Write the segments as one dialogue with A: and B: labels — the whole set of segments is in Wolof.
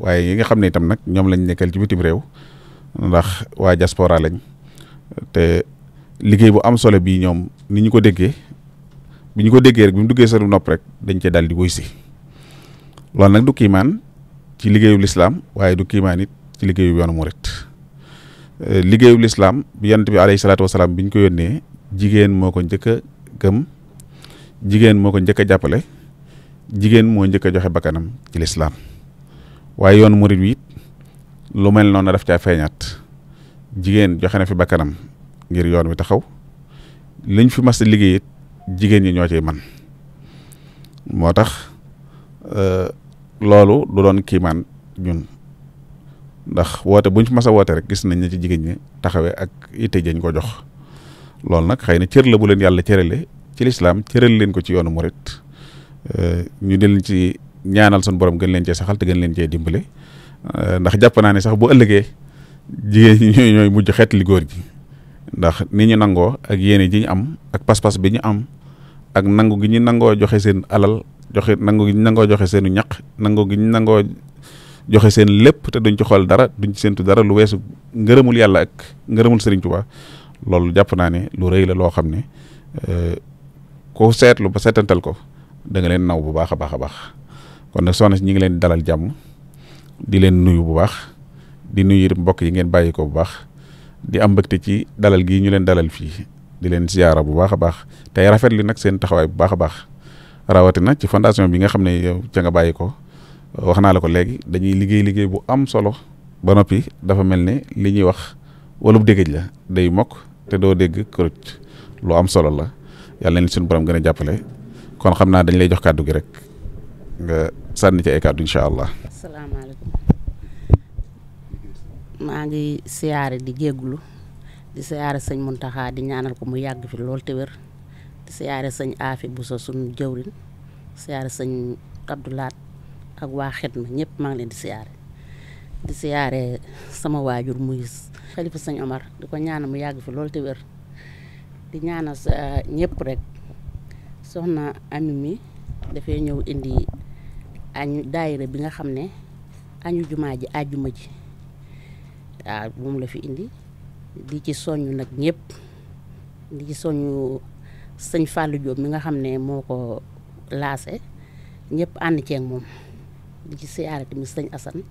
A: waaye yi nga xam ne itam nag ñoom lañ nekkal ci bitim réew ndax waa diaspora lañ te liggéey bu am solo bii ñoom ni ñu ko déggee bi ñu ko déggee rek bi mu duggee seen nopp rek dañ cee daal di woy si loolu nag du kiimaan ci liggéeyu lislaam waaye du kiimaan it ci liggéeyu yoonu murit eh, liggéeyu lislaam bi yonent bi alayhi salaatu wasalaam bi ñu ko yónnee jigéen moo ko njëkk a gëm jigéen moo ko njëkk a jàppale jigéen moo njëkk a joxe bakkanam ci lislaam waaye yoon murit wi lu mel noonu daf caa feeñaat jigéen joxe na fi bakkanam ngir yoon wi taxaw liñ fi mas a liggéey jigéen ñi ñoo ci man moo tax euh, loolu du doon kiimaan ñun ndax woote buñ fi mas a woote rek gis nañ ne ci jigéen ñi taxawee ak itte jañ ko jox loolu nag xëy na cër la bu leen yàlla cërale ci lislaam cëral leen ko ci yoonu murit euh, ñu di leen ci ñaanal sun borom gën leen cee saxal te gën leen cee dimbale euh, ndax jàpp naa ne sax boo ëllëgee jigéen ñi ñooy mujj xeet li góor gi ndax ni ñu nangoo ak yenee ji ñu am ak pas-pas bi ñu am ak nangu gi ñu nangoo joxe seen alal joxe nangu gi ñu nangoo joxe seenu ñaq nangu gi ñu nangoo joxe seen lépp te duñ ci xool dara duñ ci séntu dara lu weesu ngërëmul yàlla ak ngërëmul seriñ Touba loolu jàpp naa ne lu rëy la loo xam ne euh, ko seetlu ba seetantal ko danga leen naw bu baax a baax a baax. kon nag sone si ñu ngi leen dalal jàmm di leen nuyu bu baax di nuyu mbokk yi ngeen bàyyi ko bu baax di am mbëgte ci dalal gii ñu leen dalal fii di leen ziyaara bu baax a baax te rafet li nag seen taxawaay bu baax a baax rawatina ci fondation bi nga xam ne yow ca nga bàyyi ko wax naa la ko léegi dañuy liggéey liggéey bu am solo ba noppi dafa mel ne li ñuy wax walub déggaj la day mokk te doo dégg këruj lu am solo la yàlla nañ suñu borom gën a jàppale kon xam naa dañ lay jox kàddu gi rek nga sànni ci ay kàddu incha allah. asalaamaaleykum
B: maa ngi siyaare di jégglu di siyaare sëñ Muntaxa di ñaanal ko mu yàgg fi lool te wér di siyaare sëñ Afi Buso suñu jëwrin siyaare sëñ Abdoulaat ak waa ñëpp maa ngi leen di siyaare di sama waajur muy xalifa sëñ Omar di ko ñaanal mu yàgg fi lool te wér di ñaanal ñëpp rek soxna ami mi dafay ñëw indi añu daayira bi nga xam ne añu jumaa ji ajuma ji waaw moom la fi indi di ci soññ nag ñëpp di ci soññ sëñ Fallou Diop mi nga xam ne moo ko laase ñëpp ànd ceeg moom di ci siyaare tamit sëñ Assane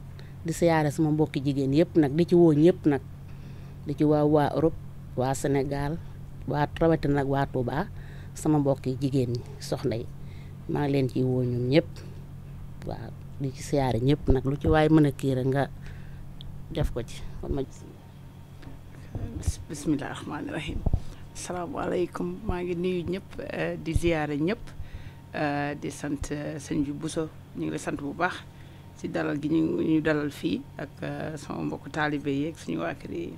B: di siyaare sama mbokki jigéen yëpp nag di ci woo ñëpp nag di ci waa waa Europe waa senegal waa rawatina nag waa Touba sama mbokki jigéen ñi soxna yi maa ngi leen ciy woo ñoom ñëpp waaw di ci siyaare ñëpp nag lu ci waaye mën a kii rek nga def ko ci kon ma
C: bisimilah rahmaani rahim maa ngi nuyu ñëpp eh, di ziyaare ñëpp eh, di sant eh, sëñ bi Bousso ñu ngi lay sant bu baax ci dalal gi ñu ñu dalal fii ak sama mbokk taalibe yeeg suñu waa kër yi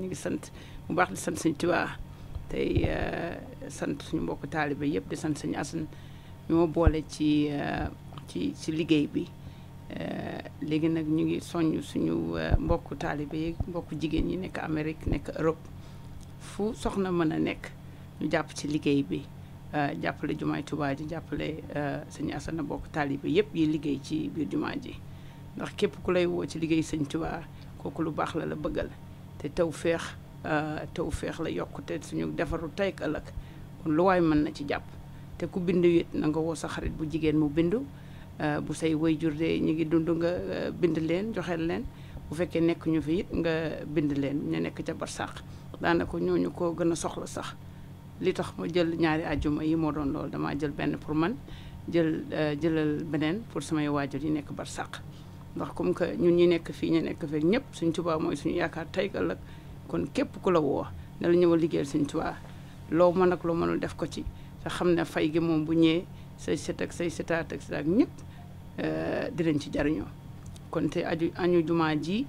C: ñu ngi sant bu baax di sant suñu Tuubaa tey sant suñu mbokk taalibe yëpp di sant suñu asan ñoo boole ci ci ci liggéey bi euh, léegi nag ñu ngi soññ suñu euh, mbokku taalibe yi mbokku jigéen ñi nekk Amérique nekk Europe fu soxna mën a nekk ñu jàpp ci liggéey bi euh, jàppale jumaay Tuubaa ji jàppale sëñ Asana mbokku taalibe yépp yi liggéey ci biir jumaa ji ndax képp ku lay woo ci liggéey sëñ Tuubaa kooku lu baax la la bëggal te taw féex taw féex la yokkute suñu defaru tey ak kon lu waay mën na ci jàpp te ku bind it na woo sa xarit bu jigéen mu bindu Euh, bu say waajur de ñu ngi dund nga euh, bind leen joxeel leen bu fekkee nekk ñu fi it nga bind leen ñu nekk ca barsàq daanaka ñu ko gën a soxla sax li tax ma jël ñaari àjjuma yi moo doon loolu damaa jël benn pour man jël euh, jëlal beneen pour samay waajur yi nekk barsàq ndax comme que ñu ñu nekk fii ñu nekk fekk ñëpp suñ Tuubaa mooy suñu yaakaar tey ëllëg kon képp ku la woo ne la ñëwal liggéeyal suñ Tuubaa loo mën ak loo mënul def ko ci te xam ne fay gi moom bu ñëwee say set ak say setaat ak setaat ñëpp euh, dinañ ci jariñoo kon te aju añu jumaa ji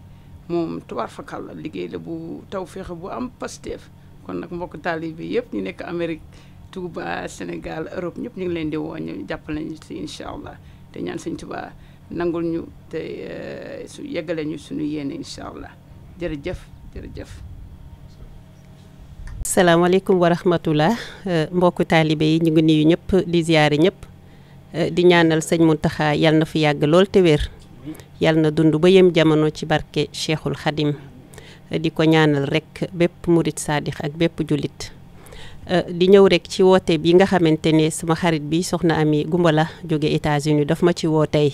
C: moom tubaar fakal la liggéey la bu taw féex bu am Pastef kon nag mbokk taalibe yëpp ñu nekk Amérique Touba Sénégal Europe ñëpp ñu ngi leen di woo ñu jàppale ñu ci incha allah te ñaan sëñ Touba nangul ñu te euh, su yeggale ñu suñu yéene incha allah jërëjëf jërëjëf.
D: salaamaaleykum wa rahmatullah euh, mbokku taalibe yi ñu ngi nuyu ñëpp di ziyaare ñëpp euh, di ñaanal sëñ tax yal na fi yàgg lool te wér yal na dund ba yem jamono ci barke Cheikhul Khadim euh, di ko ñaanal rek bépp murit saadix ak bépp jullit di ñëw rek ci woote bi nga xamante ne sama xarit bi soxna Ami Gumbala jóge États-Unis daf ma ci wootey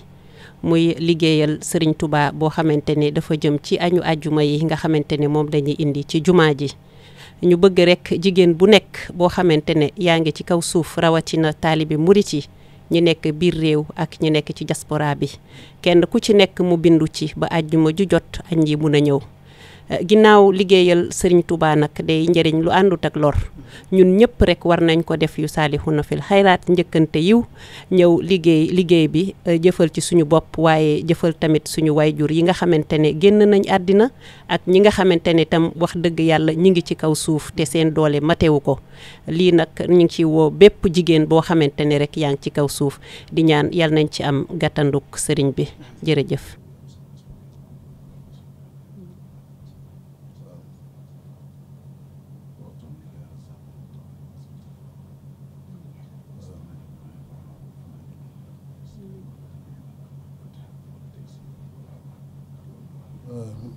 D: muy liggéeyal Sëriñ Tuubaa boo xamante ne dafa jëm ci añu àjjuma yi nga xamante ne moom dañuy indi ci jumaa ji ñu bëgg rek jigéen bu nekk boo xamante ne yaa ngi ci kaw suuf rawatina taalibe murit yi ñi nekk biir réew ak ñi nekk ci diaspora bi kenn ku ci nekk mu bindu ci ba àjjuma ju jot añ yi mun a ñëw Eh, ginnaaw liggéeyal Serigne Touba nag day njëriñ lu àndut ak lor ñun ñëpp rek war nañ ko def yu saalihuna fil xayraat njëkkante yiw ñëw liggéey liggéey bi eh, jëfal ci suñu bopp waaye jëfal tamit suñu wayjur yi nga xamante ne génn nañ àddina ak ñi nga xamante ni tam wax dëgg yàlla ñi ngi ci kaw suuf te seen doole matewu ko lii nag ñu ngi ci woo bépp jigéen boo xamante ni rek yaa ngi ci kaw suuf di ñaan yal nañ ci am gàttanduk sëriñ bi jërëjëf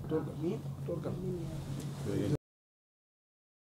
A: torkal torkal